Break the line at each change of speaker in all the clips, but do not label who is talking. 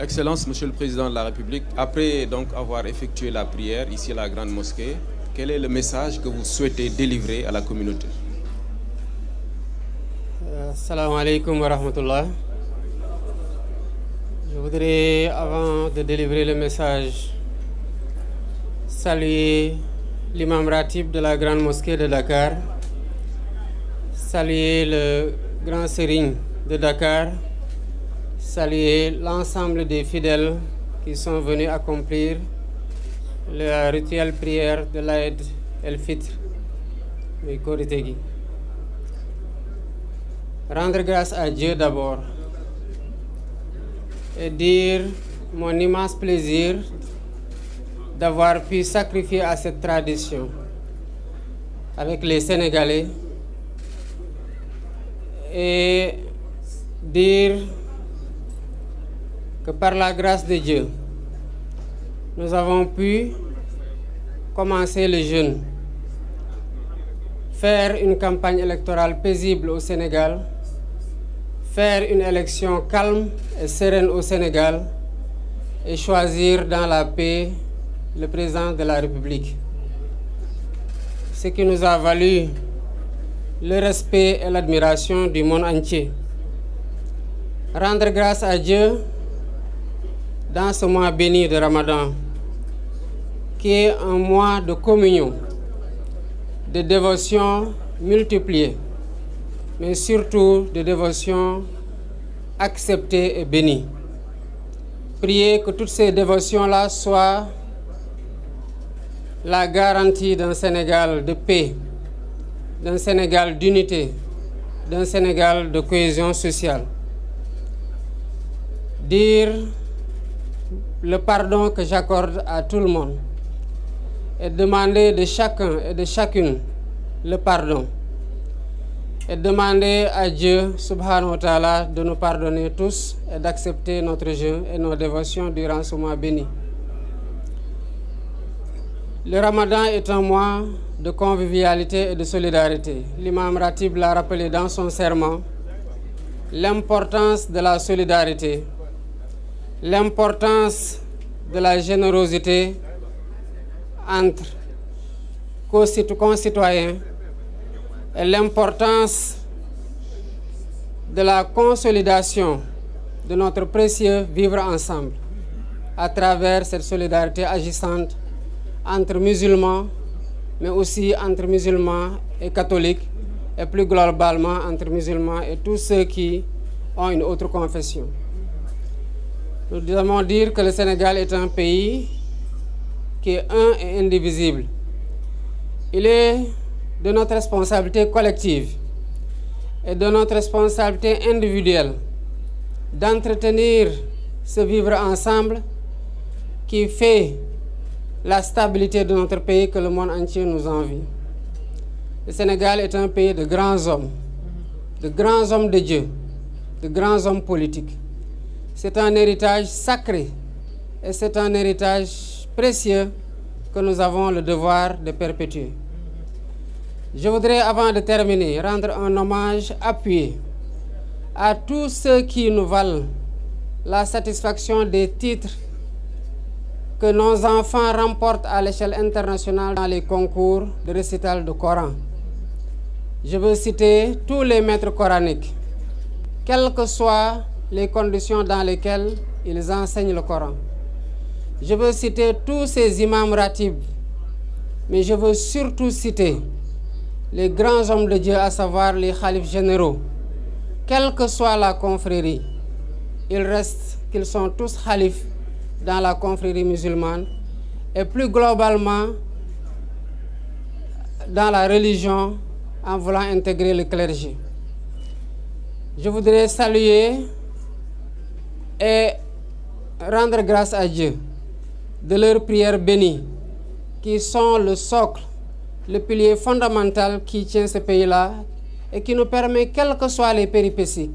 Excellence, Monsieur le Président de la République, après donc avoir effectué la prière ici à la Grande Mosquée, quel est le message que vous souhaitez délivrer à la communauté Assalamu euh, de saluer l'imam Ratib de la Grande Mosquée de Dakar, saluer de Dakar, saluer l'ensemble des fidèles qui sont venus accomplir le rituel prière de l'Aïd El Fitr muy Korité gi rendre grâce à Dieu d'abord et dire mon immense plaisir d'avoir pu sacrifier à cette tradition avec les Sénégalais et dire que par la grâce de Dieu, nous avons pu commencer le jeûne, faire une campagne électorale paisible au Sénégal, faire une élection calme et sereine au Sénégal et choisir dans la paix le président de la République. Ce qui nous a valu le respect et l'admiration du monde entier. Rendre grâce à Dieu dans ce mois béni de Ramadan, qui est un mois de communion, de dévotion multipliée, mais surtout de dévotion acceptée et bénie. Priez que toutes ces dévotions-là soient la garantie d'un Sénégal de paix, d'un Sénégal d'unité, d'un Sénégal de cohésion sociale. le pardon que j'accorde à tout le monde et demander de chacun et de chacune le pardon et demander à Dieu subhanahu wa ta'ala de nous pardonner tous et d'accepter notre jeûne et nos dévotions durant ce mois Le Ramadan est un mois de convivialité et de solidarité. L'imam Ratib l'a rappelé dans son serment l'importance de la solidarité l'importance de la générosité entre concitoyens et l'importance de la consolidation de notre précieux vivre ensemble à travers cette solidarité agissante entre musulmans, mais aussi entre musulmans et catholiques, et plus globalement entre musulmans et tous ceux qui ont une autre confession. Nous devons dire que le Sénégal est un pays qui est un et indivisible. Il est de notre responsabilité collective et de notre responsabilité individuelle d'entretenir ce vivre ensemble qui fait la stabilité de notre pays que le monde entier nous envie. Le Sénégal est un pays de grands hommes, de grands hommes de Dieu, de grands hommes politiques. C'est un héritage sacré et c'est un héritage précieux que nous avons le devoir de perpétuer. Je voudrais, avant de terminer, rendre un hommage appuyé à tous ceux qui nous valent la satisfaction des titres que nos enfants remportent à l'échelle internationale dans les concours de récital de Coran. Je veux citer tous les maîtres coraniques, quel que soit les conditions dans lesquelles ils enseignent le Coran. Je veux citer tous ces imams ratib, mais je veux surtout citer les grands hommes de Dieu, à savoir les khalifs généraux. Quelle que soit la confrérie, il reste qu'ils sont tous khalifs dans la confrérie musulmane et plus globalement dans la religion en voulant intégrer le clergé. Je voudrais saluer et rendre grâce à Dieu de leurs prières bénies, qui sont le socle, le pilier fondamental qui tient ce pays-là et qui nous permet, quelles que soient les péripéties,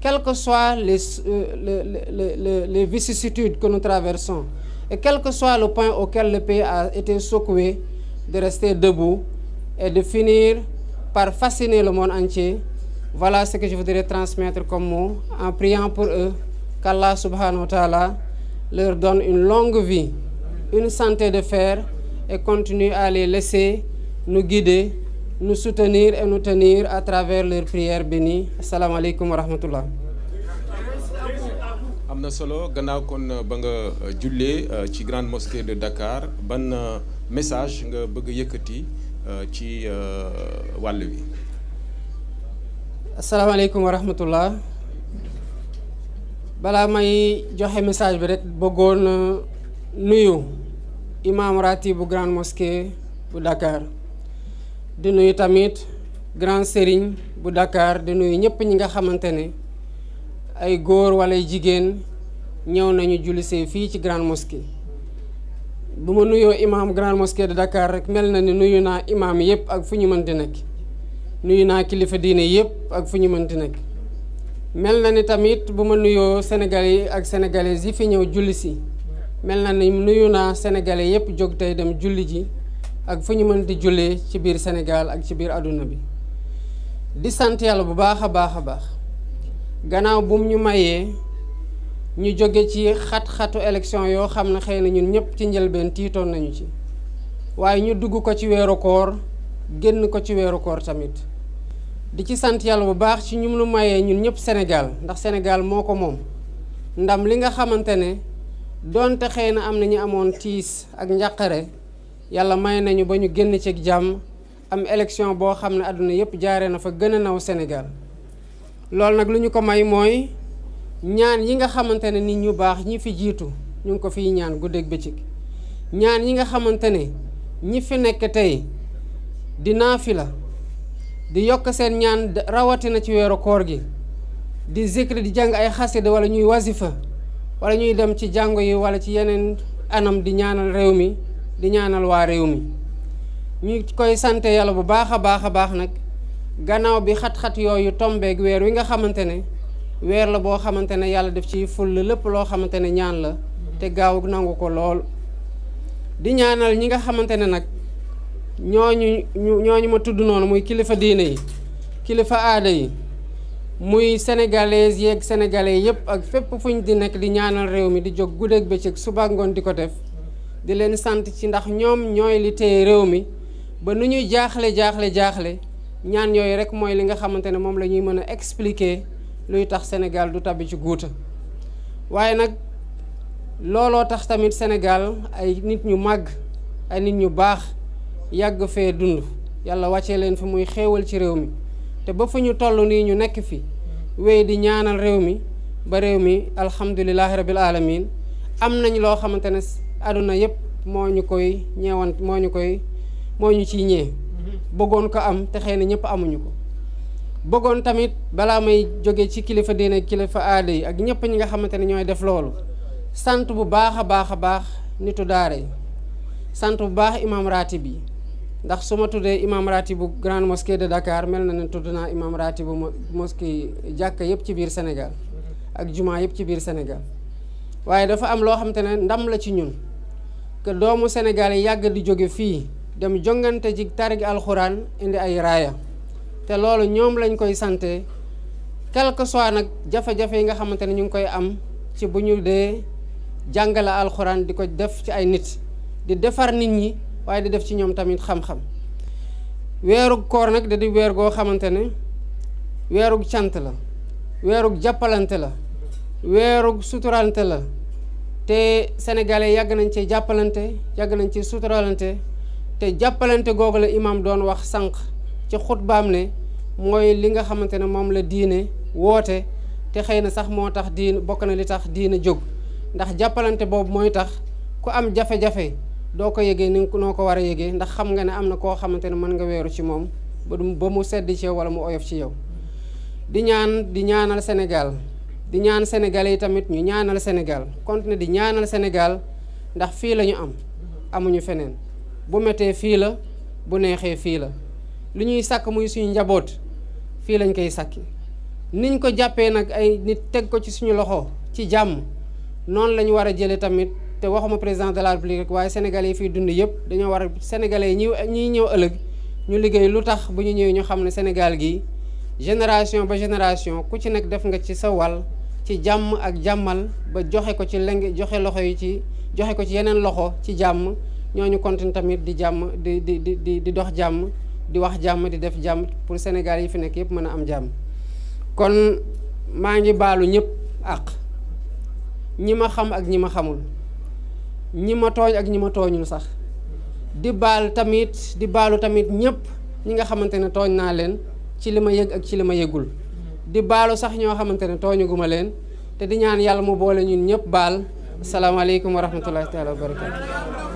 quelles que soient les, euh, les, les, les, vicissitudes que nous traversons, et quel que soit le point auquel le pays a été secoué, de rester debout et de finir par fasciner le monde entier. Voilà ce que je voudrais transmettre comme mot en priant pour eux. qu'Allah subhanahu wa leur donn une longue vie, une santé de fer et continue à les laisser nous guider, nu soutenir et nous tenir à travers leur prières bi Assalamu alaykum wa rahmatullah. am na solo gannaaw kon euh, ba nga euh, jullee euh, ci grande mosquée de Dakar ban message nga bëgg a yëkkati ci wàll wi. asalaamaaleykum wa rahmatullah balaa may joxe message bi rek bëggoon euh, nuyu imam ratib bu grande mosquée bu Dakar di nuyu tamit grand sëriñ bu dakaar di nuyu ñëpp ñi nga xamante ne ay góor wala jigéen ñëw nañu jullisee fii ci grande mosquée bu ma nuyoo imam grande mosquée de Dakar rek mel na ni nuyu naa imaam yëpp ak fu ñu mënti nekk nuyu naa kilifa diine yëpp ak fu ñu mënti nekk. mel na ni tamit bu ma nuyoo sénégalais ak sénégalaises yi fi ñëw julli si mel na ni nuyu naa sénégalais yépp jóg tey dem julli ji ak fu ñu mën di jullee ci biir Sénégal ak ci biir àdduna bi di sant bu baax a baax a baax gannaaw bum ñu mayee ñu jóge ci xat-xatu élection yoo xam ne xëy na ñun ñëpp ci njëlbeen tiitoo nañu ci waaye ñu dugg ko ci weeru koor génn ko ci weeru koor tamit di ci sant yàlla bu baax ci ñu lu mayee ñun ñëpp senegal ndax Sénégal moo ko moom ndam li nga xamante ne doonte xëy na am na ñu amoon tiis ak njàqare yàlla may nañu ba ñu génn ci jàmm am élection boo xam ne àdduna yëpp jaaree na fa gën a naw senegal loolu nag lu ñu ko may mooy ñaan yi nga xamante ne nit ñu baax ñi fi jiitu ñu ngi ko fiy ñaan guddeeg bëccëg ñaan yi nga xamante ne ñi fi nekk tey dinaa fi la di yokk seen ñaan rawatina ci weeru koor gi di zikri di jàng ay xasida wala ñuy wasifa wala ñuy dem ci jàngo yi wala ci yeneen anam di ñaanal réew mi di ñaanal waa réew mi ñu koy sante yàlla bu baax a baax a baax nag gannaaw bi xat-xat yooyu tombeek weer wi nga xamante ne weer la boo xamante ne yàlla def ci ful lépp loo xamante ne ñaan la te gaaw nangu ko lool di ñaanal ñi nga xamante ne nag ñooñu ñu ñooñu ma tudd noonu muy kilifa diine yi kilifa aada yi muy sénégalais yeeg sénégalais yépp ak fépp fuñ di nekk di ñaanal réew mi di jóg guddeeg bëccëg suba ngoon di ko def di leen sant ci ndax ñoom ñooy li téye réew mi ba nu ñuy jaaxle jaaxle jaaxle ñaan yooyu rek mooy li nga xamante ne moom la ñuy mën a expliquer luy tax Sénégal du tabbi ci guuta waaye nag looloo tax tamit Sénégal ay nit ñu màgg ay nit ñu baax. yàgg fee dund yàlla wàcce leen fi muy xéewal ci réew mi te ba fu ñu toll nii ñu nekk fi wéy di ñaanal réew mi ba réew mi alhamdulilahi rabil alamin am nañ loo xamante ne àdduna yépp moo ñu koy ñeewant moo ñu koy moo ñu ci ñee bëggoon ko am texe na ñëpp amuñu ko bëggoon tamit balaa may jóge ci kilifa diine kilifa aada yi ak ñëpp ñi nga xamante ne ñooy def loolu sant bu baax a baax a baax nitu daara yi sant bu baax imam ratib yi ndax su ma tuddee imam bu grande mosquée de Dakar mel na ne tudd naa bu ratibu mosquée jàkk yëpp ci biir Sénégal ak juma yëpp ci biir Sénégal waaye dafa am loo xam ne ndam la ci ñun que doomu Sénégal yi yàgg di jóge fii dem jongante ji tarig alxuraan indi ay raaya te loolu ñoom lañ koy sante quelque soit nag jafe-jafe yi nga xamante ne ñu ngi koy am ci bu ñu dee jàngale alxuraan di ko def ci ay nit di defar nit ñi. waaye di def ci ñoom tamit xam-xam weeru koor nag da di weer goo xamante ne weerug cant la weerug jàppalante la weerug suturalante la te sénégalais yàgg nañ ci jàppalante yàgg nañ ci suturalante te jàppalante googu la imaam doon wax sànq ci xutbaam ne mooy li nga xamante ne moom la diine woote te xëy na sax moo tax diine bokk na li tax diine jóg ndax jàppalante boobu mooy tax ku am jafe-jafe doo ko yëgee ni noo ko war a yëgee ndax xam nga ne am na koo xamante ne mën nga weeru ci moom ba mu sedd ci yow wala mu oyof ci yow di ñaan di ñaanal senegal di ñaan sénégalais yi tamit ñu ñaanal Sénégal continuer di ñaanal senegal ndax fii lañu am amuñu feneen bu mettee fii la bu neexee fii la lu ñuy sàkk muy suñu njaboot fii lañ koy sàkki niñ ko jàppee nag ay nit teg ko ci suñu loxo ci jàmm noonu lañu war a jëlee tamit te waxuma président de la république rek waaye sénégalais yi fiy dund yëpp dañoo war a sénégalais ñi ñiy ñëw ëllëg ñu liggéey lu tax bu ñu ñëwee ñu xam ne Sénégal gi génération ba génération ku ci nekk def nga ci sa wàll ci jàmm ak jàmmal ba joxe ko ci leng joxe loxo yi ci joxe ko ci yeneen loxo ci jàmm ñooñu continue tamit di jàmm di di di di dox jàmm di wax jàmm di def jàmm pour Sénégal yi fi nekk yëpp mën a am jàmm kon maa ngi baalu ñëpp àq ñi ma xam ak ñi ma xamul ñi ma tooñ ak ñi ma tooñul sax di baal tamit di baalu tamit ñëpp ñi nga xamante ne tooñ naa leen ci li ma yëg ak ci li ma yëgul di baalu sax ñoo xamante ne tooñuguma leen te di ñaan yàlla mu boole ñun ñëpp baal asalaamaaleykum wa rahmatullahi taala wa